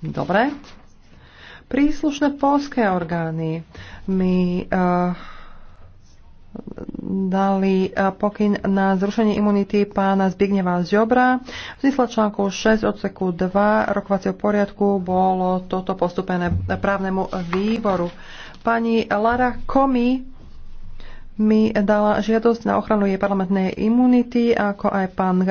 Dobre. Príslušné polské orgány mi uh, dali eh, pokyn na zrušenie imunity pána Zbigneva Jobra. V zísle článku 6 odseku 2 rokovacieho poriadku bolo toto postupené právnemu výboru. Pani Lara Komi mi dala žiadosť na ochranu jej parlamentnej imunity, ako aj pán